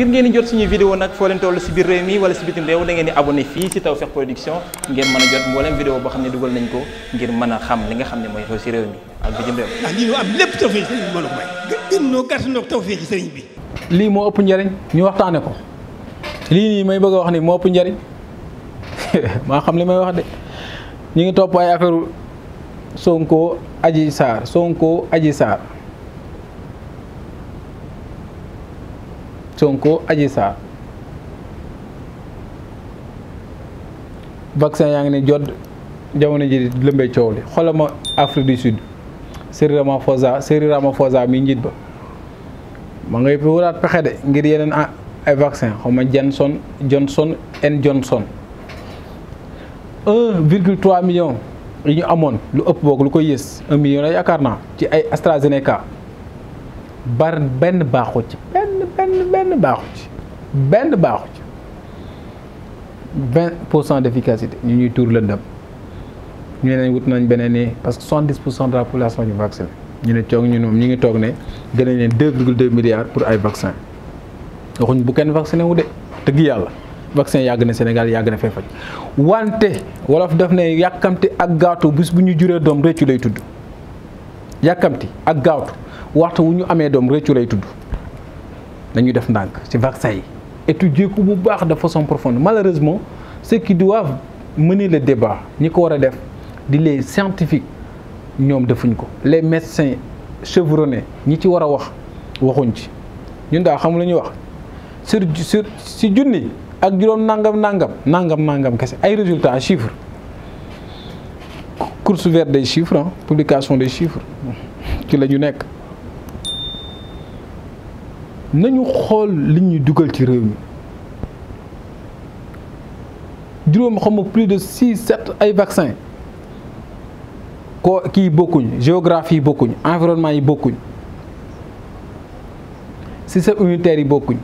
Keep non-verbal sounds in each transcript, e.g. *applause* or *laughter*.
ngir ngeen di jot suñuy vidéo nag foo leen toll si biir réew mi wala si bitim réew da ngeen di abonné fii si Tawfekh Production ngeen mën a jot mboolem vidéo boo xam ne dugal nañ ko ngir mën a xam li nga xam ne mooy xew si réew mi ak bitim réew. ndax ah, lii ñu am lii moo ëpp njariñ ñu waxtaane ko lii nii may bëgg a wax ni moo ëpp njariñ *laughs* maa xam li may wax de ñu ngi topp ay affaire Sonko aji Sarr Sonko aji Sarr Sonko Adji Sarr vaccin yaa ngi ne jot jamono ji lëmbee coow li xoolal ma Afrique du Sud Cyril Ramaphosa Cyril Ramaphosa mi njiit ba ma ngay wuraat pexe de ngir yeneen ay vaccin xaw ma Johnson Johnson and Johnson 1 virgule 3 million yi ñu amoon lu ëpp boog lu koy yées 1 million la yaakaar naa ci ay AstraZeneca bar benn baaxut ci benn baaxu ci benn baaxu ci vingt pour cent d' efficacité ñu ñuy tuur lëndëm ñu ne wut nañ beneen ni parce que soixante dix pour cent de la population ñu vacciné ñu ne ñu moom ñu ngi toog ne danañ leen deux virgule deux milliards pour ay vaccin waxuñ bu kenn vacciné wu de dëgg yàlla vaccin yàgg na Sénégal yàgg na fee wante wolof def ne yàkkamti ak gaawtu bis bu ñu juree doom rëccu lay tudd yàkkamti ak gaatu waxtu wu ñu amee doom rëccu lay tudd nañu def ndànk ci vaccin yi étudier ko bu baax de façon profonde malheureusement ceux qui doivent mener le débat ñi ko war a def di les scientifiques ñoom defuñ ko les médecins chevronnés ñi ci war a wax waxuñ ci ñun daal xam lu ñuy wax sur sur si junni ak juróom nangam nangam nangam nangam kese ay résultats chiffres course vers des chiffres publication des chiffres ci la ñu nekk nañu xool li ñuy dugal ci réew mi juróom xam plus de six sept ay vaccin koo kii bokkuñ géographie yi bokkuñ environnement yi bokkuñ système immunitaire yi bokkuñ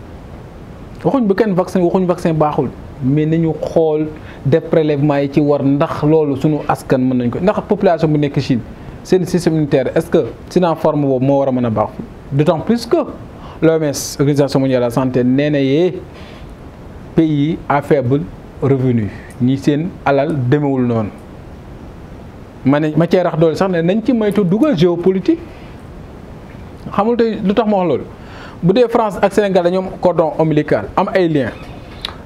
waxuñ bu kenn vaccin waxuñ vaccin baaxul mais nañu xool def prélèvement yi ci war ndax loolu suñu askan mën nañ ko ndax population bu nekk Chine seen système immunitaire est-ce que si naa forme boobu moo war a mën a baax l'OMS organisation mondiale de la santé nee na yee pays à faible revenu ñi seen alal demewul noonu ma ne ma cee rax doole sax ne nañ ci moytu dugal géopolitique xamul tey lu tax ma wax loolu bu dee France ak Sénégal dañoo am cordon ombilical am ay lien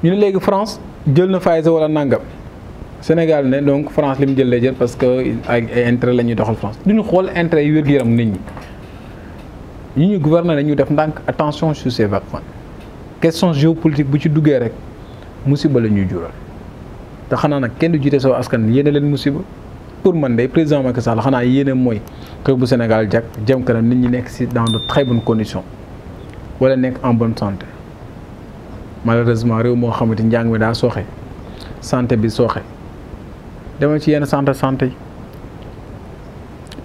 ñu ne léegi France jël na Pfizer wala nangam Sénégal ne donc France li mu jël lay jël parce que ay intérêt la ñuy doxal France duñu xool intérêt yi wér-gu-yaram nit ñi. ñu ñu gouverner nañu def ndànk attention sur ces vaccins question géopolitique bu ci duggee rek musiba la ñuy jural te xanaa nag kenn du jiite soo askan yéene leen musiba pour man de président Macky Sall xanaa yéene mooy que bu Sénégal jag jëm kanam nit ñi nekk si dans de très bonnes conditions wala nekk en bon santé malheureusement réew moo xamante njàng mi daa sooxe santé bi sooxe demal ci yenn santé santé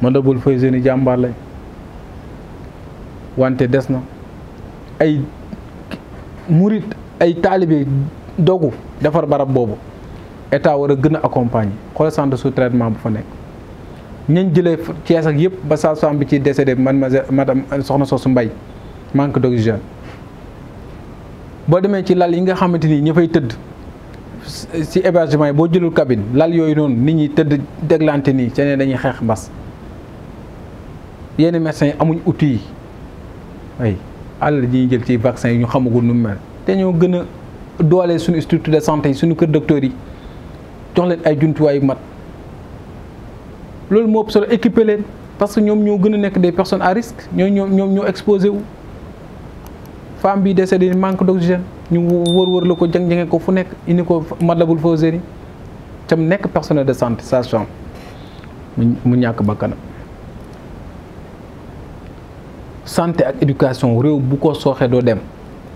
ma man da bul fay wante des na ay murit ay taalibe dogu defar barab boobu état war a gën a accompagner xoolal centre sous traitement bu fa nekk. ñañ jëlee Thiès ak yëpp ba saa bi ci décédé man madame soxna soosu mbay manque d'oxygène boo demee ci lal yi nga xamante ni ña fay tëdd si hébergement yi boo jëlul cabine lal yooyu noonu nit ñi tëdd déglante nii seen dañuy xeex mbas yenn médecins yi amuñ outil yi. ay àll ji jël ci vaccin yi ñu xamagul nu mu mel te ñoo gën a doole suñu institut de santé yi suñu kër docteur yi jox leen ay jumtuwaay mat loolu moo ëpp solo équiper leen parce que ñoom ñoo gën a nekk des personne à risque ñoo ñoo ñoom ñoo exposé wu femme bi décédé manque d'oxygène ñu wër wër la ko jang-jange ko fu nekk indi ko Matlaboul Fawzeyni mu nekk personnel de santé sage-femme mu ñàkk bakkanam santé ak éducation réew bu ko sooxee doo dem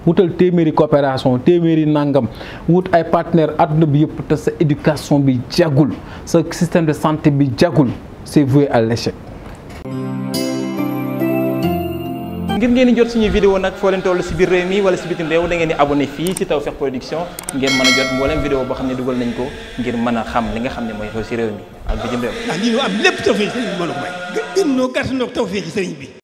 wutal téeméeri coopération téeméeri nangam wut ay partenaire àdduna bi yëpp te sa éducation bi jàggul sa système de santé bi jàggul c'est voué à l'échec ngir ngeen di jot suñu vidéo nag foo leen si biir réew mi wala si bitim réew ngeen di abonné fii si Tawfekh Production ngeen mën a jot mboolem vidéo boo xam ne dugal nañ ko ngir mën a xam li nga xam ne mooy xew si réew mi ak bitim réew. ndax lii ñu am may. bi.